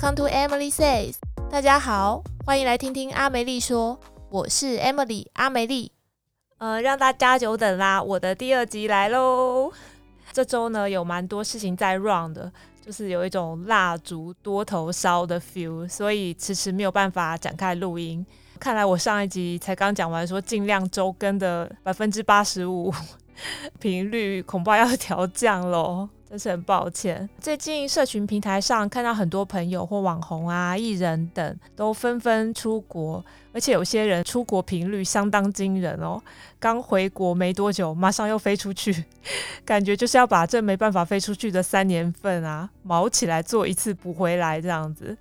Welcome to Emily Says，大家好，歡迎來聽聽阿梅麗說。我是 Emily，阿梅麗，呃，讓大家久等啦，我的第二集來嘍。這週呢，有蠻多事情在 run 的，就是有一種蠟燭多頭燒的 feel，所以遲遲沒有辦法展開錄音。看來我上一集才剛講完說，說盡量週更的百分之八十五頻率，恐怕要調降嘍。真是很抱歉。最近社群平台上看到很多朋友或網紅啊、藝人等都紛紛出國，而且有些人出國頻率相當驚人哦，剛回國沒多久，馬上又飛出去，感覺就是要把這沒辦法飛出去的三年份啊，卯起來做一次補回來這樣子。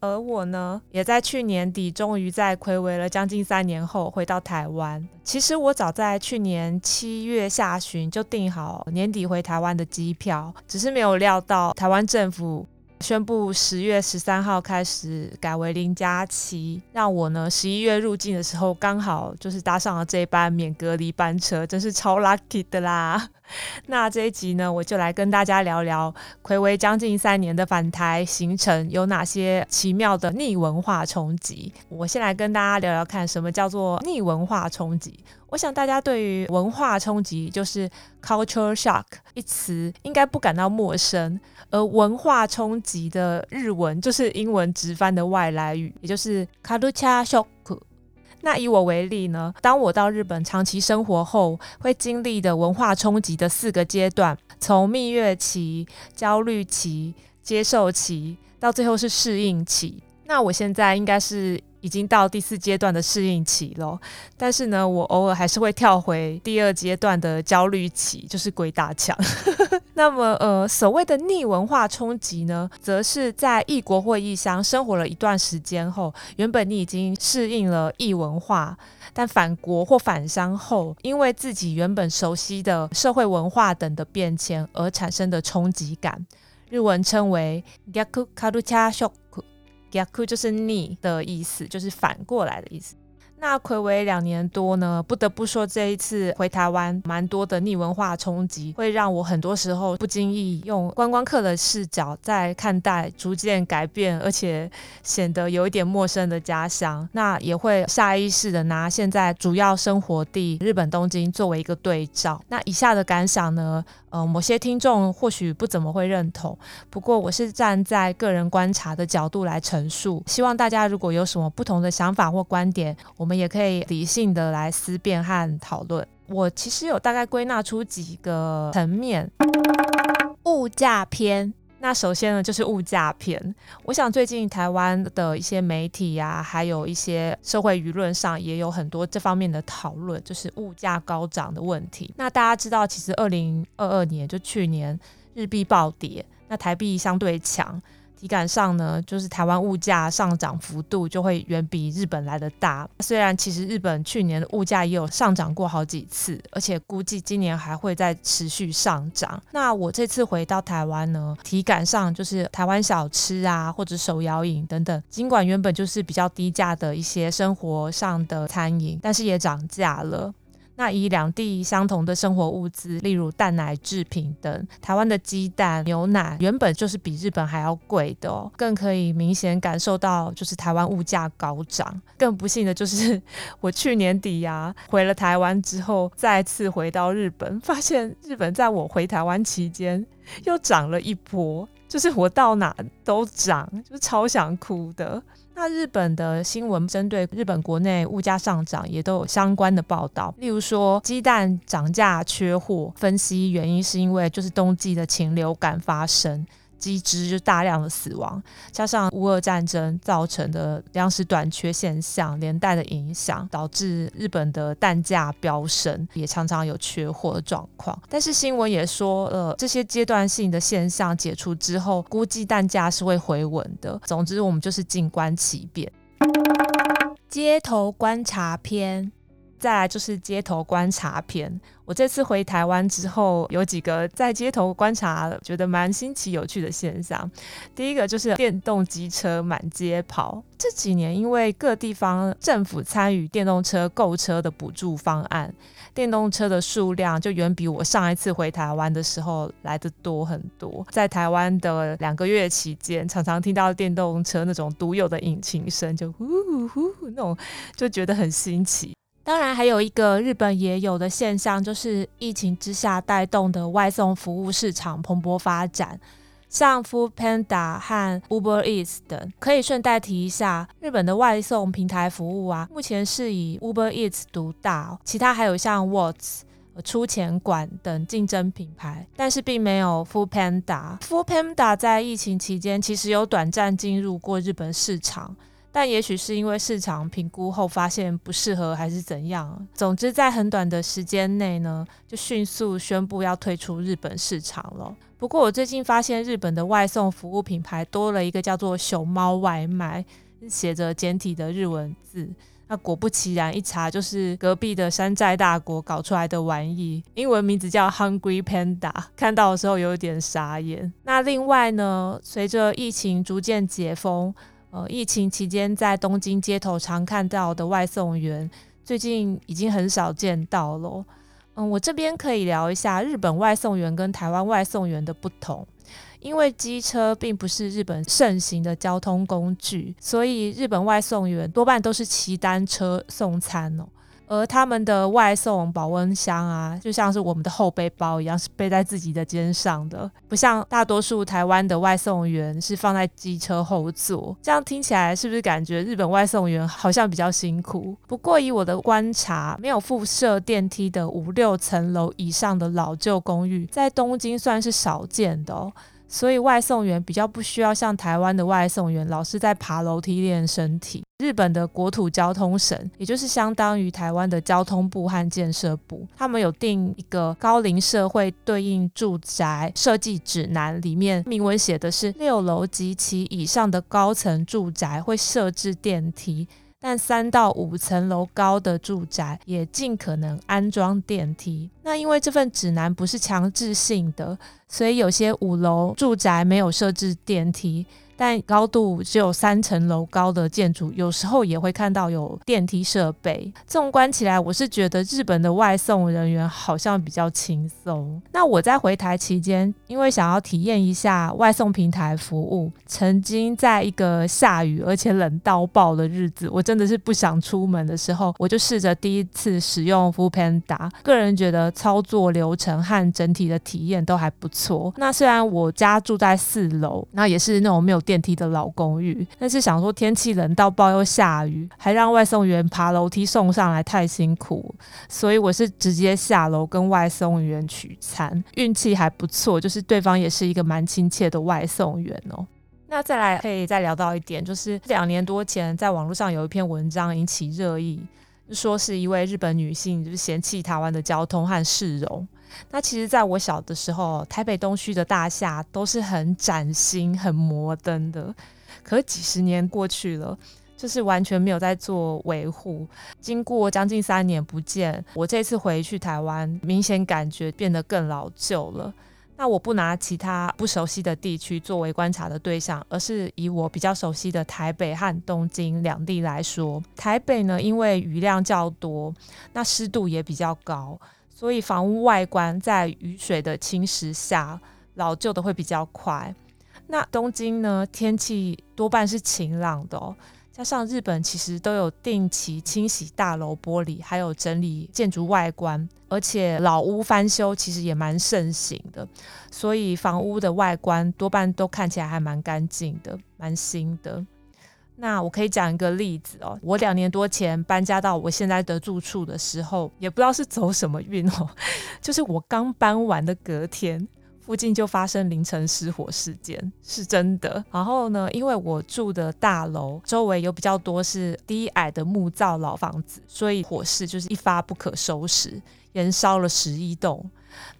而我呢，也在去年底終於在睽違了將近三年後回到台灣。其實我早在去年七月下旬就訂好年底回台灣的機票，只是沒有料到台灣政府。宣布十月十三號開始改為零加七，讓我呢十一月入境的時候剛好就是搭上了這班免隔離班車，真是超 lucky 的啦。 那這一集呢，我就來跟大家聊聊暌違將近三年的返台行程有哪些奇妙的逆文化衝擊。我先來跟大家聊聊看，什麼叫做逆文化衝擊。我想大家對於文化衝擊就是 culture shock 一詞應該不感到陌生，而文化衝擊的日文就是英文直翻的外來語，也就是カルチャーショック。那以我為例呢，當我到日本長期生活後，會經歷的文化衝擊的四個階段，從蜜月期、焦慮期、接受期，到最後是適應期。那我現在應該是。已經到第四階段的適應期了，但是呢，我偶爾還是會跳回第二階段的焦慮期，就是鬼打牆。 那麼，呃，所謂的逆文化衝擊呢，則是在異國或異鄉生活了一段時間後，原本你已經適應了異文化，但返國或返鄉後，因為自己原本熟悉的社會文化等的變遷而產生的衝擊感，日文稱為““ぎゃく”就是“逆”的意思，就是反過來的意思。那睽違兩年多呢，不得不說這一次回台灣，蠻多的逆文化衝擊，會讓我很多時候不經意用觀光客的視角在看待，逐漸改變，而且顯得有一點陌生的家鄉。那也會下意識的拿現在主要生活地日本東京作為一個對照。那以下的感想呢，呃，某些聽眾或許不怎麼會認同，不過我是站在個人觀察的角度來陳述，希望大家如果有什麼不同的想法或觀點，我。我們也可以理性的來思辨和討論。我其實有大概歸納出幾個層面，物價篇。那首先呢，就是物價篇。我想最近台灣的一些媒體啊，還有一些社會輿論上，也有很多這方面的討論，就是物價高漲的問題。那大家知道，其實二零二二年就去年日幣暴跌，那台幣相對強。體感上呢，就是台灣物價上漲幅度就會遠比日本來得大。雖然其實日本去年的物價也有上漲過好幾次，而且估計今年還會再持續上漲。那我這次回到台灣呢，體感上就是台灣小吃啊，或者手搖飲等等，儘管原本就是比較低價的一些生活上的餐飲，但是也漲價了。那以兩地相同的生活物資，例如蛋奶製品等，台灣的雞蛋、牛奶原本就是比日本還要貴的哦。更可以明顯感受到，就是台灣物價高漲。更不幸的就是，我去年底呀，啊，回了台灣之後，再次回到日本，發現日本在我回台灣期間又漲了一波。就是我到哪都漲，就是超想哭的。那日本的新聞針對日本國內物價上漲也都有相關的報道，例如說雞蛋漲價缺貨，分析原因是因為就是冬季的禽流感發生。雞隻就大量的死亡，加上烏俄戰爭造成的糧食短缺現象，連帶的影響導致日本的蛋價飆升，也常常有缺貨的狀況。但是新聞也說，呃，這些階段性的現象解除之後，估計蛋價是會回穩的。總之，我們就是靜觀其變。街頭觀察篇。再來就是街頭觀察篇。我這次回台灣之後，有幾個在街頭觀察，覺得蠻新奇有趣的現象。第一個就是電動機車滿街跑。這幾年因為各地方政府參與電動車購車的補助方案，電動車的數量就遠比我上一次回台灣的時候來得多很多。在台灣的兩個月期間，常常聽到電動車那種獨有的引擎聲，就呼呼呼，那種，就覺得很新奇。當然，還有一個日本也有的現象，就是疫情之下帶動的外送服務市場蓬勃發展，像 Foodpanda 和 Uber Eats 等。可以順帶提一下，日本的外送平台服務啊，目前是以 Uber Eats 獨大，其他還有像 Watts、出前館等競爭品牌，但是並沒有 Foodpanda。Foodpanda 在疫情期間其實有短暫進入過日本市場。但也許是因為市場評估後發現不適合，還是怎樣？總之，在很短的時間內呢，就迅速宣布要退出日本市場了。不過，我最近發現日本的外送服務品牌多了一個叫做“熊貓外賣”，寫着簡體的日文字。那果不其然，一查就是隔壁的山寨大國搞出來的玩意，英文名字叫 “Hungry Panda”。看到的時候有點傻眼。那另外呢，隨着疫情逐漸解封。呃，疫情期間在東京街頭常看到的外送員，最近已經很少見到了。嗯，我這邊可以聊一下日本外送員跟台灣外送員的不同，因為機車並不是日本盛行的交通工具，所以日本外送員多半都是騎單車送餐哦。而他們的外送保溫箱啊，就像是我們的後背包一樣，是背在自己的肩上的，不像大多數台灣的外送員是放在機車後座。這樣聽起來是不是感覺日本外送員好像比較辛苦？不過以我的觀察，沒有附設電梯的五六層樓以上的老舊公寓，在東京算是少見的哦，所以外送員比較不需要像台灣的外送員老是在爬樓梯練身體。日本的國土交通省，也就是相當於台灣的交通部和建設部，他們有定一個高齡社會對應住宅設計指南，裡面明文寫的是六樓及其以上的高層住宅會設置電梯，但三到五層樓高的住宅也盡可能安裝電梯。那因為這份指南不是強制性的，所以有些五樓住宅沒有設置電梯。但高度只有三層樓高的建築，有時候也會看到有電梯設備。縱觀起來，我是覺得日本的外送人員好像比較輕鬆。那我在回台期間，因為想要體驗一下外送平台服務，曾經在一個下雨而且冷到爆的日子，我真的是不想出門的時候，我就試着第一次使用 Foodpanda。個人覺得操作流程和整體的體驗都還不錯。那雖然我家住在四樓，那也是那種沒有。電梯的老公寓，但是想說天氣冷到爆又下雨，還讓外送員爬樓梯送上來太辛苦，所以我是直接下樓跟外送員取餐。運氣還不錯，就是對方也是一個蠻親切的外送員哦。那再來可以再聊到一點，就是兩年多前在網絡上有一篇文章引起熱議，說是一位日本女性就是嫌棄台灣的交通和市容。那其實，在我小的時候，台北東區的大廈都是很嶄新、很摩登的。可幾十年過去了，就是完全沒有在做維護。經過將近三年不見，我這次回去台灣，明顯感覺變得更老舊了。那我不拿其他不熟悉的地區作為觀察的對象，而是以我比較熟悉的台北和東京兩地來說。台北呢，因為雨量較多，那濕度也比較高。所以房屋外觀在雨水的侵蝕下，老舊的會比較快。那東京呢？天氣多半是晴朗的哦，加上日本其實都有定期清洗大樓玻璃，還有整理建築外觀，而且老屋翻修其實也蠻盛行的，所以房屋的外觀多半都看起來還蠻乾淨的，蠻新的。那我可以講一個例子哦，我兩年多前搬家到我現在的住處的時候，也不知道是走什麼運哦，就是我剛搬完的隔天，附近就發生凌晨失火事件，是真的。然後呢，因為我住的大樓周圍有比較多是低矮的木造老房子，所以火勢就是一發不可收拾，延燒了十一棟。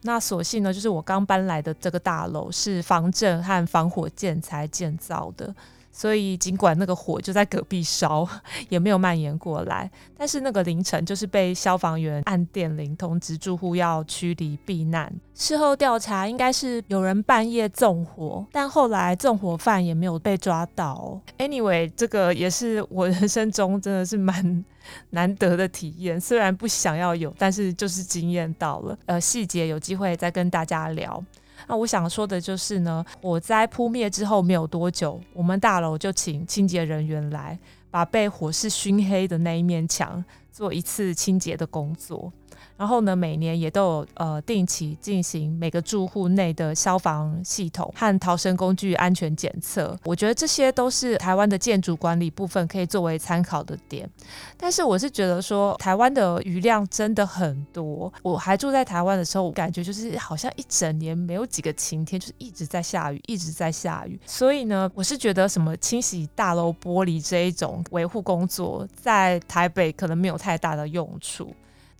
那所幸呢，就是我剛搬來的這個大樓是防震和防火建材建造的。所以，儘管那個火就在隔壁燒，也沒有蔓延過來。但是那個凌晨，就是被消防員按電鈴通知住戶要驅離避難。事後調查應該是有人半夜縱火，但後來縱火犯也沒有被抓到。Anyway，這個也是我人生中真的是蠻難得的體驗，雖然不想要有，但是就是經驗到了。呃，細節有機會再跟大家聊。那我想說的就是呢，火災撲滅之後沒有多久，我們大樓就請清潔人員來把被火勢熏黑的那一面牆做一次清潔的工作。然後呢，每年也都有呃定期進行每個住戶內的消防系統和逃生工具安全檢測。我覺得這些都是台灣的建築管理部分可以作為參考的點。但是我是覺得說，台灣的雨量真的很多。我還住在台灣的時候，我感覺就是好像一整年沒有幾個晴天，就是一直在下雨，一直在下雨。所以呢，我是覺得什麼清洗大樓玻璃這一種維護工作，在台北可能沒有太大的用處。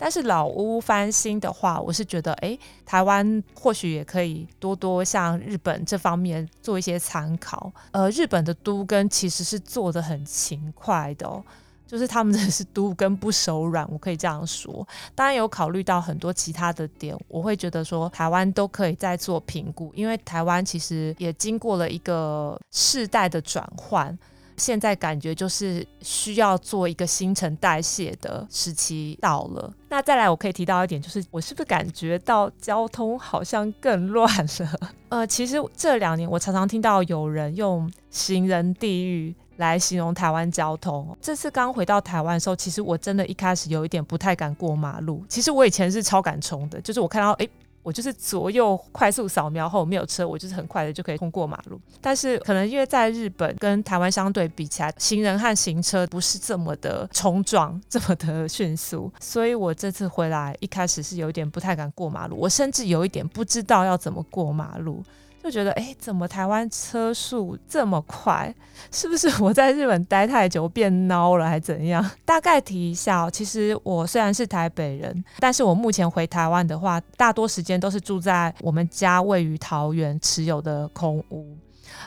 但是老屋翻新的話，我是覺得，哎，台灣或許也可以多多像日本這方面做一些參考。呃，日本的都更其實是做得很勤快的哦，就是他們真的是都更不手軟，我可以這樣說。當然有考慮到很多其他的點，我會覺得說台灣都可以再做評估，因為台灣其實也經過了一個世代的轉換。現在感覺就是需要做一個新陳代謝的時期到了。那再來，我可以提到一點，就是我是不是感覺到交通好像更亂了？ 呃，其實這兩年我常常聽到有人用“行人地獄”來形容台灣交通。這次剛回到台灣的時候，其實我真的一開始有一點不太敢過馬路。其實我以前是超敢衝的，就是我看到哎。欸我就是左右快速掃描後沒有車，我就是很快的就可以通過馬路。但是可能因為在日本跟台灣相對比起來，行人和行車不是這麼的衝撞，這麼的迅速，所以我這次回來一開始是有點不太敢過馬路，我甚至有一點不知道要怎麼過馬路。就覺得，哎、欸，怎麼台灣車速這麼快？是不是我在日本待太久變孬了，還怎樣？大概提一下哦。其實我雖然是台北人，但是我目前回台灣的話，大多時間都是住在我們家位於桃園持有的空屋。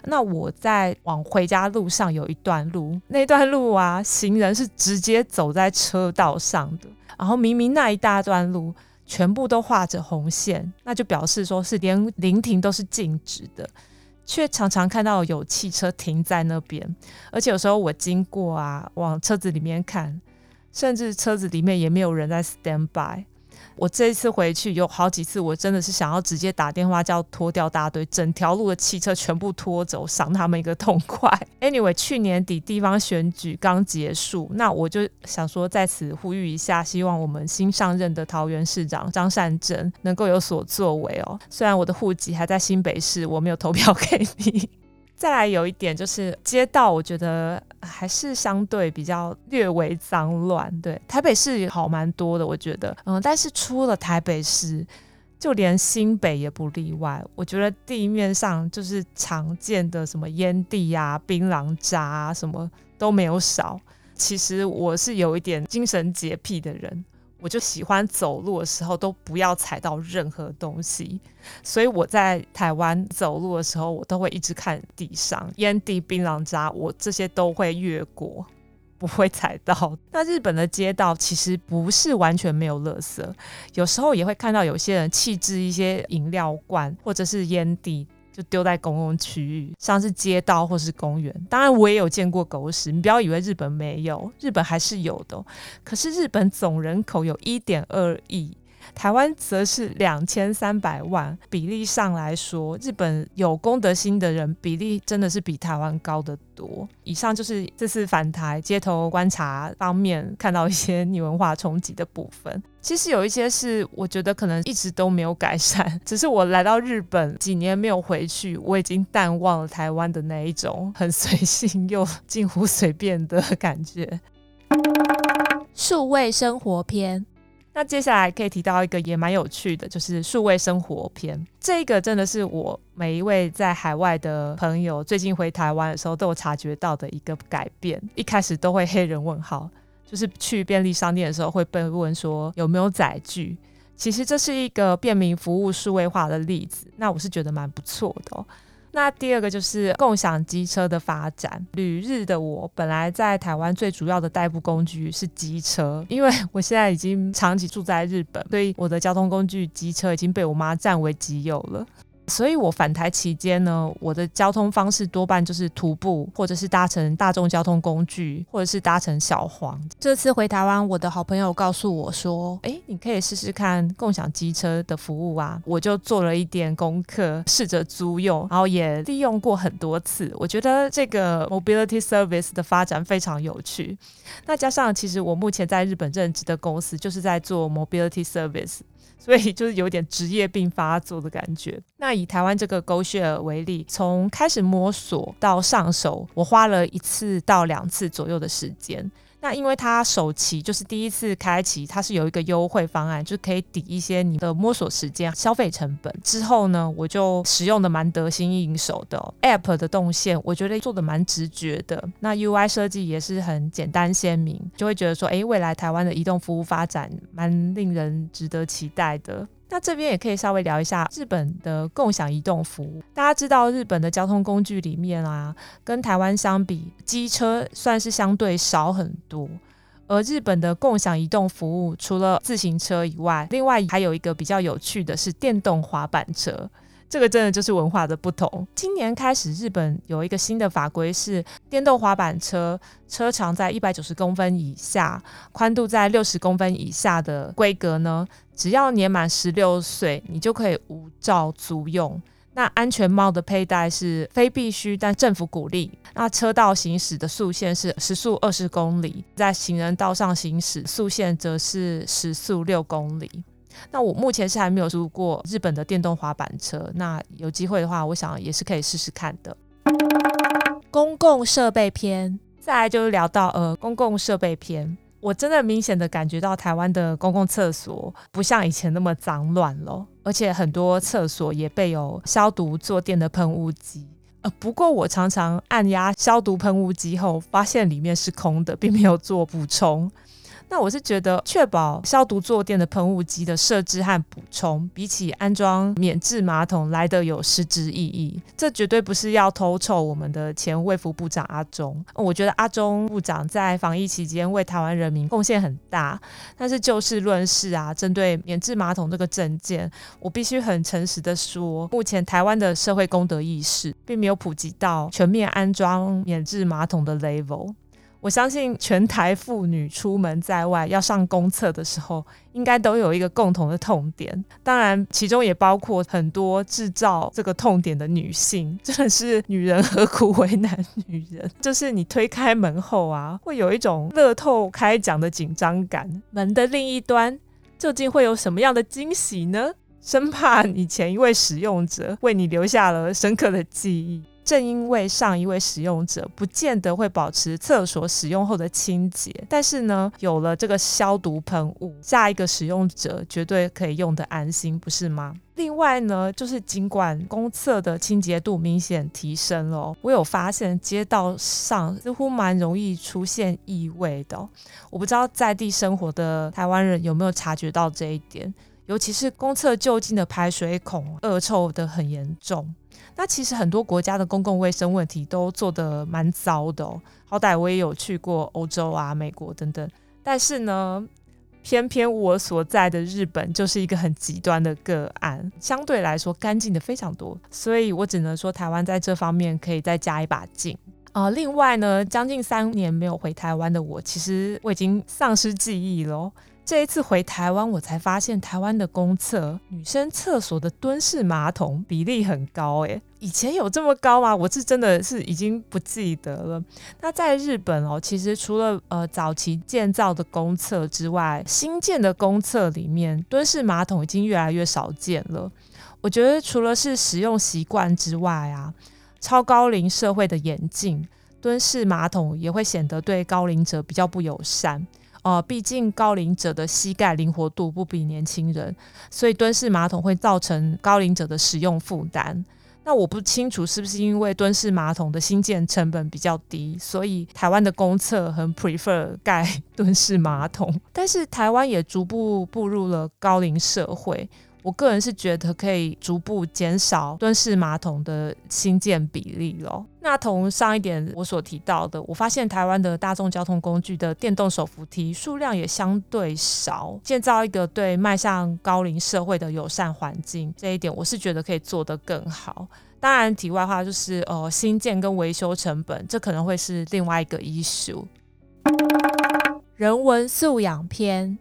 那我在往回家路上有一段路，那段路啊，行人是直接走在車道上的，然後明明那一大段路。全部都畫着紅線，那就表示說是連臨停都是禁止的，卻常常看到有汽車停在那邊，而且有時候我經過啊，往車子裡面看，甚至車子裡面也沒有人在 stand by。我這次回去有好幾次，我真的是想要直接打電話叫拖吊大隊，整條路的汽車全部拖走，賞他們一個痛快。Anyway，去年底地方選舉剛結束，那我就想說在此呼籲一下，希望我們新上任的桃園市長張善政能夠有所作為哦。雖然我的戶籍還在新北市，我沒有投票給你。再來有一點就是街道。我覺得還是相對比較略微髒亂。對，台北市也好蠻多的，我覺得，嗯，但是出了台北市，就連新北也不例外。我覺得地面上就是常見的什麼菸蒂啊、檳榔渣啊什麼都沒有少。其實我是有一點精神潔癖的人。我就喜歡走路的時候都不要踩到任何東西，所以我在台灣走路的時候，我都會一直看地上煙蒂、檳榔渣，我這些都會越過，不會踩到。那日本的街道其實不是完全沒有垃圾，有時候也會看到有些人棄置一些飲料罐或者是煙蒂。就丟在公共區域，像是街道或是公園。當然，我也有見過狗屎，你不要以為日本沒有，日本還是有的。可是日本總人口有一點二億。台灣則是兩千三百萬，比例上來說，日本有公德心的人比例真的是比台灣高得多。以上就是這次返台街頭觀察方面看到一些逆文化衝擊的部分。其實有一些事我覺得可能一直都沒有改善，只是我來到日本幾年沒有回去，我已經淡忘了台灣的那一種很隨性又近乎隨便的感覺。數位生活篇。那接下來可以提到一個也蠻有趣的，就是數位生活篇。這個真的是我每一位在海外的朋友最近回台灣的時候都有察覺到的一個改變。一開始都會黑人問號，就是去便利商店的時候會被問說有沒有載具。其實這是一個便民服務數位化的例子。那我是覺得蠻不錯的哦。那第二個就是共享機車的發展。旅日的我，本來在台灣最主要的代步工具是機車，因為我現在已經長期住在日本，所以我的交通工具機車已經被我媽占為己有了。所以，我返台期間呢，我的交通方式多半就是徒步，或者是搭乘大眾交通工具，或者是搭乘小黃。這次回台灣，我的好朋友告訴我說：“哎，你可以試試看共享機車的服務啊！”我就做了一點功課，試着租用，然後也利用過很多次。我覺得這個 mobility service 的發展非常有趣。那加上，其實我目前在日本任職的公司就是在做 mobility service。所以就是有點職業病發作的感覺。那以台灣這個 GoShare 為例，從開始摸索到上手，我花了一次到兩次左右的時間。那因為它首期就是第一次開啟，它是有一個優惠方案，就可以抵一些你的摸索時間、消費成本。之後呢，我就使用的蠻得心應手的。App 的動線，我覺得做的蠻直覺的。那 UI 設計也是很簡單鮮明，就會覺得說，哎、欸，未來台灣的移動服務發展蠻令人值得期待的。那這邊也可以稍微聊一下日本的共享移動服務。大家知道，日本的交通工具裡面啊，跟台灣相比，機車算是相對少很多。而日本的共享移動服務，除了自行車以外，另外還有一個比較有趣的是電動滑板車。這個真的就是文化的不同。今年開始，日本有一個新的法規是：電動滑板車車長在一百九十公分以下、寬度在六十公分以下的規格呢，只要年滿十六歲，你就可以無照租用。那安全帽的佩戴是非必須，但政府鼓勵。那車道行駛的速限是時速二十公里，在行人道上行駛，速限則是時速六公里。那我目前是還沒有租過日本的電動滑板車，那有機會的話，我想也是可以試試看的。公共設備篇，再來就是聊到呃公共設備篇，我真的明顯的感覺到台灣的公共廁所不像以前那麼髒亂了，而且很多廁所也備有消毒坐墊的噴霧機，呃不過我常常按壓消毒噴霧機後，發現裡面是空的，並沒有做補充。那我是覺得，確保消毒坐墊的噴霧機的設置和補充，比起安裝免治馬桶來得有實質意義。這絕對不是要偷臭我們的前衛福部長阿中。我覺得阿中部長在防疫期間為台灣人民貢獻很大，但是就事論事啊。針對免治馬桶這個政見，我必須很誠實的說，目前台灣的社會公德意識並沒有普及到全面安裝免治馬桶的 level。我相信全台婦女出門在外要上公廁的時候，應該都有一個共同的痛點。當然，其中也包括很多製造這個痛點的女性。真的是女人何苦為難女人？就是你推開門後啊，會有一種樂透開獎的緊張感。門的另一端究竟會有什麼樣的驚喜呢？生怕你前一位使用者為你留下了深刻的記憶。正因為上一位使用者不見得會保持廁所使用後的清潔，但是呢，有了這個消毒噴霧，下一個使用者絕對可以用得安心，不是嗎？另外呢，就是儘管公廁的清潔度明顯提升了哦，我有發現街道上似乎蠻容易出現異味的哦。我不知道在地生活的台灣人有沒有察覺到這一點，尤其是公廁就近的排水孔，惡臭的很嚴重。那其實很多國家的公共衛生問題都做得蠻糟的哦，好歹我也有去過歐洲啊、美國等等，但是呢，偏偏我所在的日本就是一個很極端的個案，相對來說乾淨的非常多，所以我只能說台灣在這方面可以再加一把勁啊。呃。另外呢，將近三年沒有回台灣的我，其實我已經喪失記憶了。這一次回台灣，我才發現台灣的公廁，女生廁所的蹲式馬桶比例很高，誒，以前有這麼高嗎？我是真的是已經不記得了。那在日本哦，其實除了呃早期建造的公廁之外，新建的公廁裡面蹲式馬桶已經越來越少見了。我覺得除了是使用習慣之外啊，超高齡社會的演進，蹲式馬桶也會顯得對高齡者比較不友善。哦、呃，畢竟高齡者的膝蓋靈活度不比年輕人，所以蹲式馬桶會造成高齡者的使用負擔。那我不清楚是不是因為蹲式馬桶的新建成本比較低，所以台灣的公廁很 prefer 蓋蹲式馬桶。但是台灣也逐步步入了高齡社會。我個人是覺得可以逐步減少蹲式馬桶的新建比例嘍哦。那同上一點我所提到的，我發現台灣的大眾交通工具的電動手扶梯數量也相對少，建造一個對邁向高齡社會的友善環境，這一點我是覺得可以做得更好。當然，題外話就是，呃，新建跟維修成本，這可能會是另外一個 issue。人文素養篇。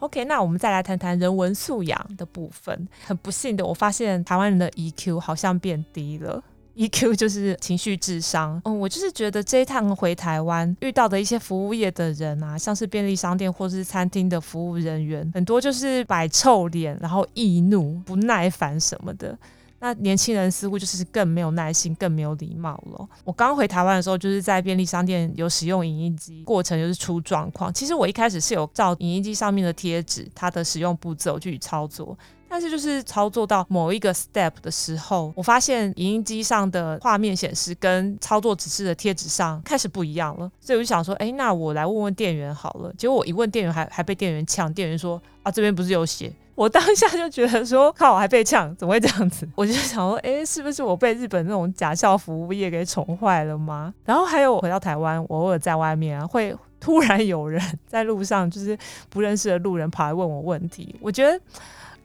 OK，那我們再來談談人文素養的部分。很不幸的，我發現台灣人的 EQ 好像變低了。EQ 就是情緒智商。嗯，我就是覺得這一趟回台灣遇到的一些服務業的人啊，像是便利商店或是餐廳的服務人員，很多就是擺臭臉，然後易怒、不耐煩什麼的。那年輕人似乎就是更沒有耐心，更沒有禮貌了。我剛回台灣的時候，就是在便利商店有使用影音機，過程就是出狀況。其實我一開始是有照影音機上面的貼紙，它的使用步驟去操作，但是就是操作到某一個 step 的時候，我發現影音機上的畫面顯示跟操作指示的貼紙上開始不一樣了。所以我就想說，誒，那我來問問店員好了。結果我一問店員，還還被店員嗆，店員說，啊，這邊不是有寫。我當下就覺得說，靠，我還被嗆，怎麼會這樣子？我就想說，哎、欸，是不是我被日本那種假笑服務業給寵壞了嗎？然後還有，我回到台灣，我偶爾在外面啊，會突然有人在路上，就是不認識的路人，跑來問我問題。我覺得。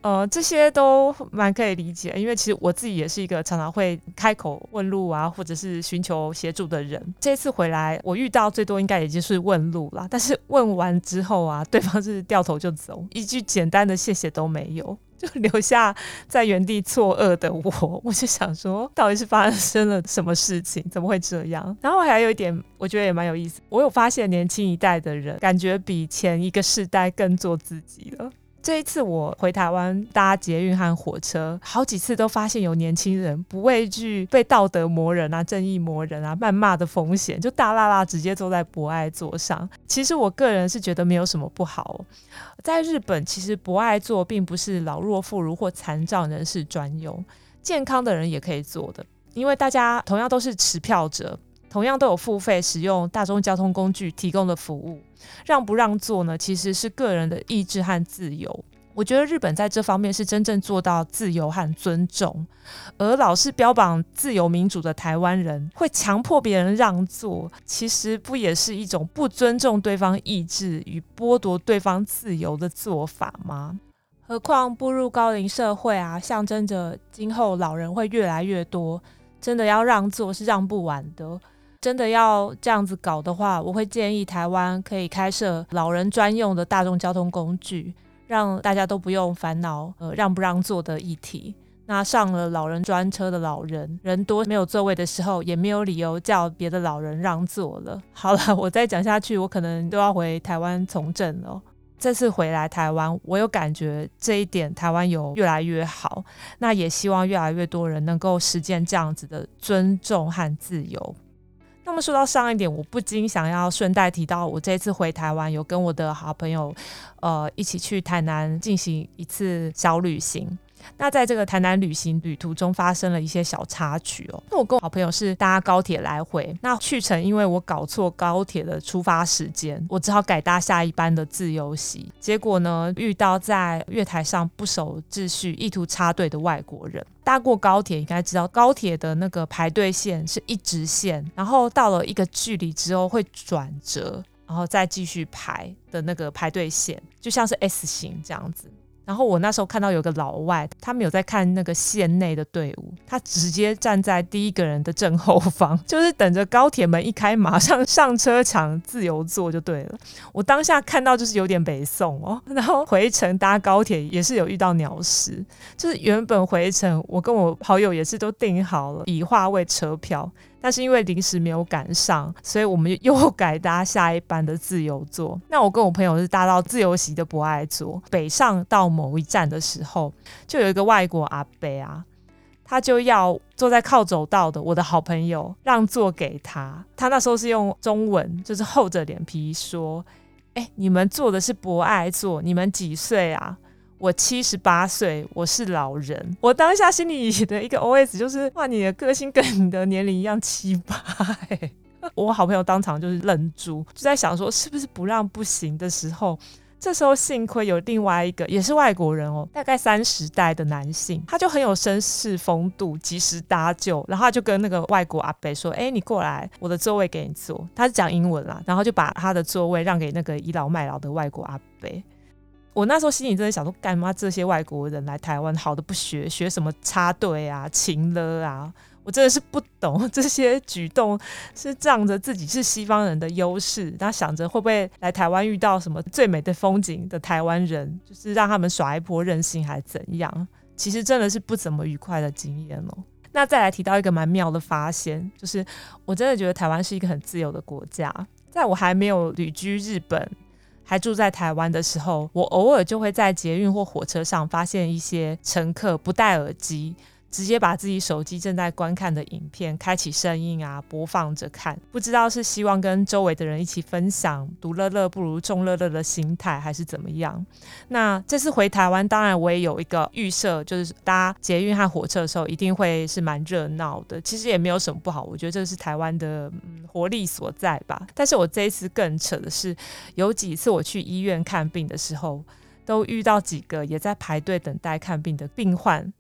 呃，這些都蠻可以理解，因為其實我自己也是一個常常會開口問路啊，或者是尋求協助的人。這次回來，我遇到最多應該也就是問路啦。但是問完之後啊，對方就是掉頭就走，一句簡單的謝謝都沒有，就留下在原地錯愕的我。我就想說，到底是發生了什麼事情？怎麼會這樣？然後還有一點，我覺得也蠻有意思，我有發現年輕一代的人，感覺比前一個世代更做自己了。這一次我回台灣搭捷運和火車，好幾次都發現有年輕人不畏懼被道德魔人啊、正義魔人啊、謾罵的風險，就大剌剌直接坐在博愛座上。其實我個人是覺得沒有什麼不好哦。在日本，其實博愛座並不是老弱婦孺或殘障人士專用，健康的人也可以坐的，因為大家同樣都是持票者。同樣都有付費使用大眾交通工具，提供的服務，讓不讓座呢？其實是個人的意志和自由。我覺得日本在這方面是真正做到自由和尊重，而老是標榜自由民主的台灣人，會強迫別人讓座，其實不也是一種不尊重對方意志與剝奪對方自由的做法嗎？何況步入高齡社會啊，象徵着今後老人會越來越多，真的要讓座是讓不完的。真的要這樣子搞的話，我會建議台灣可以開設老人專用的大眾交通工具，讓大家都不用煩惱，呃，讓不讓座的議題。那上了老人專車的老人，人多沒有座位的時候，也沒有理由叫別的老人讓座了。好了，我再講下去，我可能都要回台灣從政了。這次回來台灣，我有感覺這一點台灣有越來越好。那也希望越來越多人能夠實踐這樣子的尊重和自由。那麼說到上一點，我不禁想要順帶提到，我這次回台灣，有跟我的好朋友，呃，一起去台南進行一次小旅行。那在這個台南旅行旅途中發生了一些小插曲哦。那我跟我好朋友是搭高鐵來回，那去程因為我搞錯高鐵的出發時間，我只好改搭下一班的自由席。結果呢，遇到在月台上不守秩序、意圖插隊的外國人。搭過高鐵應該知道，高鐵的那個排隊線是一直線，然後到了一個距離之後會轉折，然後再繼續排的那個排隊線，就像是 S 型這樣子。然後我那時候看到有個老外，他沒有在看那個線內的隊伍，他直接站在第一個人的正後方，就是等着高鐵門一開，馬上上車場自由座就對了。我當下看到就是有點北送哦，然後回程搭高鐵也是有遇到鳥事，就是原本回程我跟我好友也是都訂好了已劃位車票。但是因為臨時沒有趕上，所以我們又改搭下一班的自由座。那我跟我朋友是搭到自由席的博愛座。北上到某一站的時候，就有一個外國阿伯啊，他就要坐在靠走道的，我的好朋友讓座給他。他那時候是用中文，就是厚着臉皮說：“哎、欸，你們坐的是博愛座，你們幾歲啊？”我七十八歲，我是老人。我當下心裡的一個 O S 就是：哇，你的個性跟你的年齡一樣七八耶！ 我好朋友當場就是愣住，就在想說是不是不讓不行的時候。這時候幸虧有另外一個也是外國人哦，大概三十代的男性，他就很有紳士風度，及時搭救。然後他就跟那個外國阿伯說：“哎、欸，你過來，我的座位給你坐。”他是講英文啦，然後就把他的座位讓給那個倚老賣老的外國阿伯。我那時候心裡真的想說，幹嘛這些外國人來台灣，好的不學，學什麼插隊啊、情勒啊，我真的是不懂這些舉動，是仗着自己是西方人的優勢，那想着會不會來台灣遇到什麼最美的風景的台灣人，就是讓他們耍一波任性還怎樣？其實真的是不怎麼愉快的經驗哦、喔。那再來提到一個蠻妙的發現，就是我真的覺得台灣是一個很自由的國家，在我還沒有旅居日本。還住在台灣的時候，我偶爾就會在捷運或火車上發現一些乘客不戴耳機。直接把自己手機正在觀看的影片開啟聲音啊，播放着看，不知道是希望跟周圍的人一起分享“獨樂樂不如眾樂樂”的心態，還是怎麼樣？那這次回台灣，當然我也有一個預設，就是搭捷運和火車的時候一定會是蠻熱鬧的。其實也沒有什麼不好，我覺得這是台灣的、嗯、活力所在吧。但是我這一次更扯的是，有幾次我去醫院看病的時候，都遇到幾個也在排隊等待看病的病患。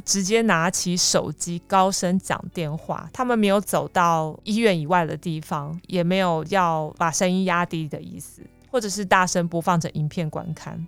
直接拿起手機高聲講電話，他們沒有走到醫院以外的地方，也沒有要把聲音壓低的意思，或者是大聲播放着影片觀看。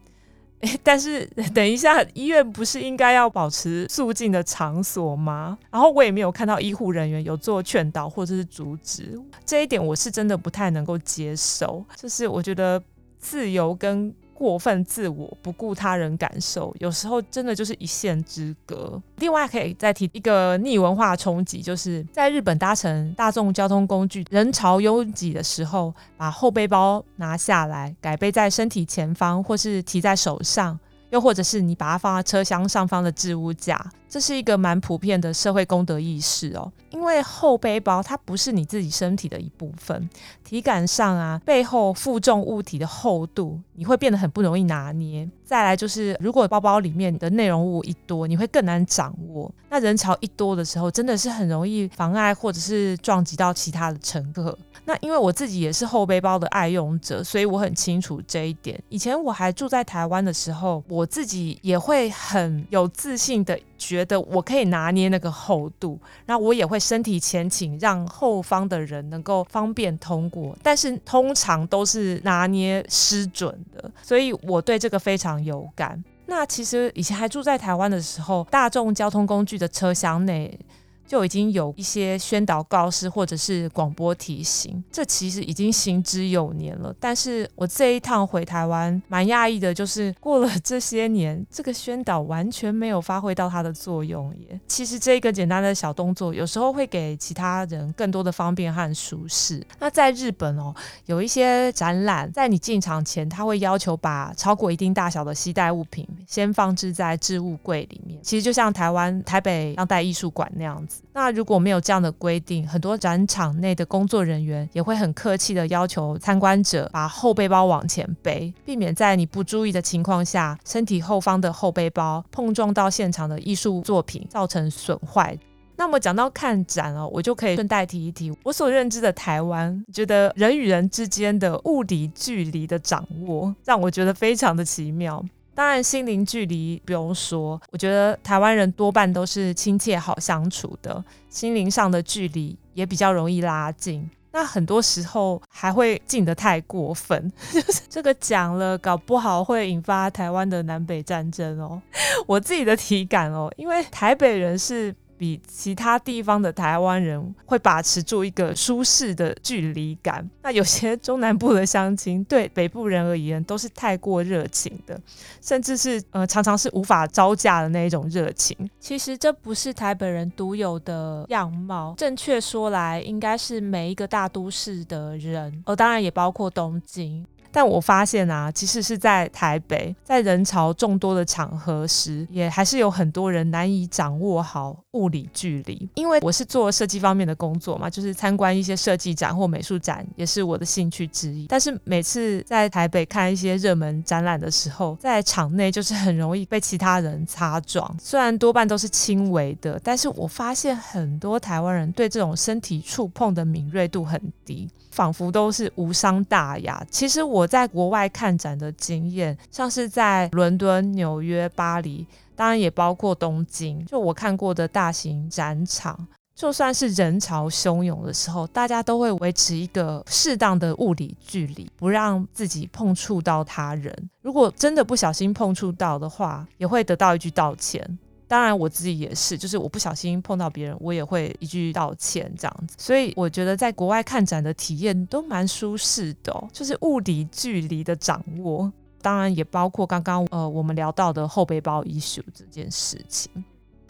但是等一下，醫院不是應該要保持肅靜的場所嗎？然後我也沒有看到醫護人員有做勸導或者是阻止，這一點我是真的不太能夠接受。就是我覺得自由跟。過分自我，不顧他人感受，有時候真的就是一線之隔。另外，可以再提一個逆文化衝擊，就是在日本搭乘大眾交通工具，人潮擁擠的時候，把後背包拿下來，改背在身體前方，或是提在手上，又或者是你把它放在車廂上方的置物架，這是一個蠻普遍的社會公德意識哦，因為後背包它不是你自己身體的一部分，體感上啊，背後負重物體的厚度，你會變得很不容易拿捏。再來就是，如果包包裡面的內容物一多，你會更難掌握。那人潮一多的時候，真的是很容易妨礙或者是撞擊到其他的乘客。那因為我自己也是後背包的愛用者，所以我很清楚這一點。以前我還住在台灣的時候，我自己也會很有自信的，覺得我可以拿捏那個厚度，然後，我也會身體前傾，讓後方的人能夠方便通過，但是通常都是拿捏失準的，所以我對這個非常有感。那其實以前還住在台灣的時候，大眾交通工具的車廂內，就已經有一些宣導告示或者是廣播提醒，這其實已經行之有年了。但是我這一趟回台灣，蠻訝異的，就是過了這些年，這個宣導完全沒有發揮到它的作用耶。其實這個簡單的小動作，有時候會給其他人更多的方便和舒適。那在日本哦，有一些展覽，在你進場前，他會要求把超過一定大小的攜帶物品先放置在置物櫃裡面。其實就像台灣台北當代藝術館那樣子。那如果沒有這樣的規定，很多展場內的工作人員也會很客氣地要求參觀者把後背包往前背，避免在你不注意的情況下，身體後方的後背包碰撞到現場的藝術作品造成損壞。那麼講到看展哦，我就可以順帶提一提，我所認知的台灣，覺得人與人之間的物理距離的掌握，讓我覺得非常的奇妙。當然，心靈距離不用說，我覺得台灣人多半都是親切好相處的，心靈上的距離也比較容易拉近。那很多時候還會近得太過分， 就是這個講了，搞不好會引發台灣的南北戰爭哦。 我自己的體感哦，因為台北人是。比其他地方的台灣人會把持住一個舒適的距離感，那有些中南部的鄉親，對北部人而言都是太過熱情的，甚至是呃常常是無法招架的那一種熱情。其實這不是台北人獨有的樣貌，正確說來應該是每一個大都市的人，而、哦、當然也包括東京。但我發現啊，其實是在台北，在人潮眾多的場合時，也還是有很多人難以掌握好物理距離。因為我是做設計方面的工作嘛，就是參觀一些設計展或美術展，也是我的興趣之一。但是每次在台北看一些熱門展覽的時候，在場內就是很容易被其他人擦撞，雖然多半都是輕微的，但是我發現很多台灣人對這種身體觸碰的敏銳度很低，仿佛都是無傷大雅。其實我。我在國外看展的經驗，像是在倫敦、紐約、巴黎，當然也包括東京。就我看過的大型展場，就算是人潮洶湧的時候，大家都會維持一個適當的物理距離，不讓自己碰觸到他人。如果真的不小心碰觸到的話，也會得到一句道歉。當然，我自己也是，就是我不小心碰到別人，我也會一句道歉這樣子。所以我覺得在國外看展的體驗都蠻舒適的哦，就是物理距離的掌握，當然也包括剛剛呃我們聊到的後背包 issue 這件事情。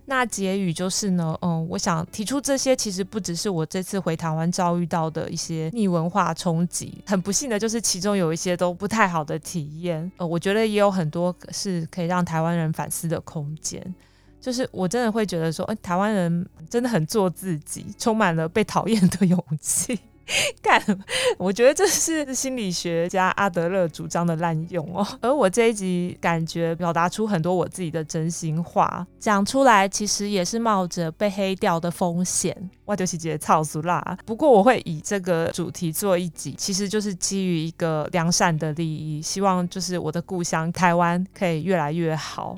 那結語就是呢，嗯，呃，我想提出這些，其實不只是我這次回台灣遭遇到的一些逆文化衝擊，很不幸的就是其中有一些都不太好的體驗。呃，我覺得也有很多是可以讓台灣人反思的空間。就是我真的會覺得說，哎、欸，台灣人真的很做自己，充滿了被討厭的勇氣。幹， 我覺得這是心理學家阿德勒主張的濫用哦。 而我這一集感覺表達出很多我自己的真心話，講出來其實也是冒着被黑掉的風險。哇，丟細節超俗辣。不過我會以這個主題做一集，其實就是基於一個良善的利益，希望就是我的故鄉台灣可以越來越好，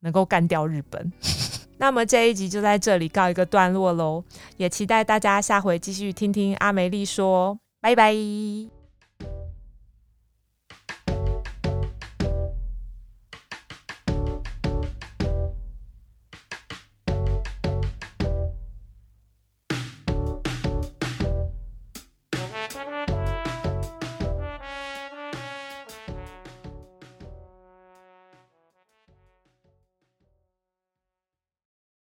能夠幹掉日本， 那麼這一集就在這裡告一個段落嘍，也期待大家下回繼續聽聽啊沒力說，拜拜。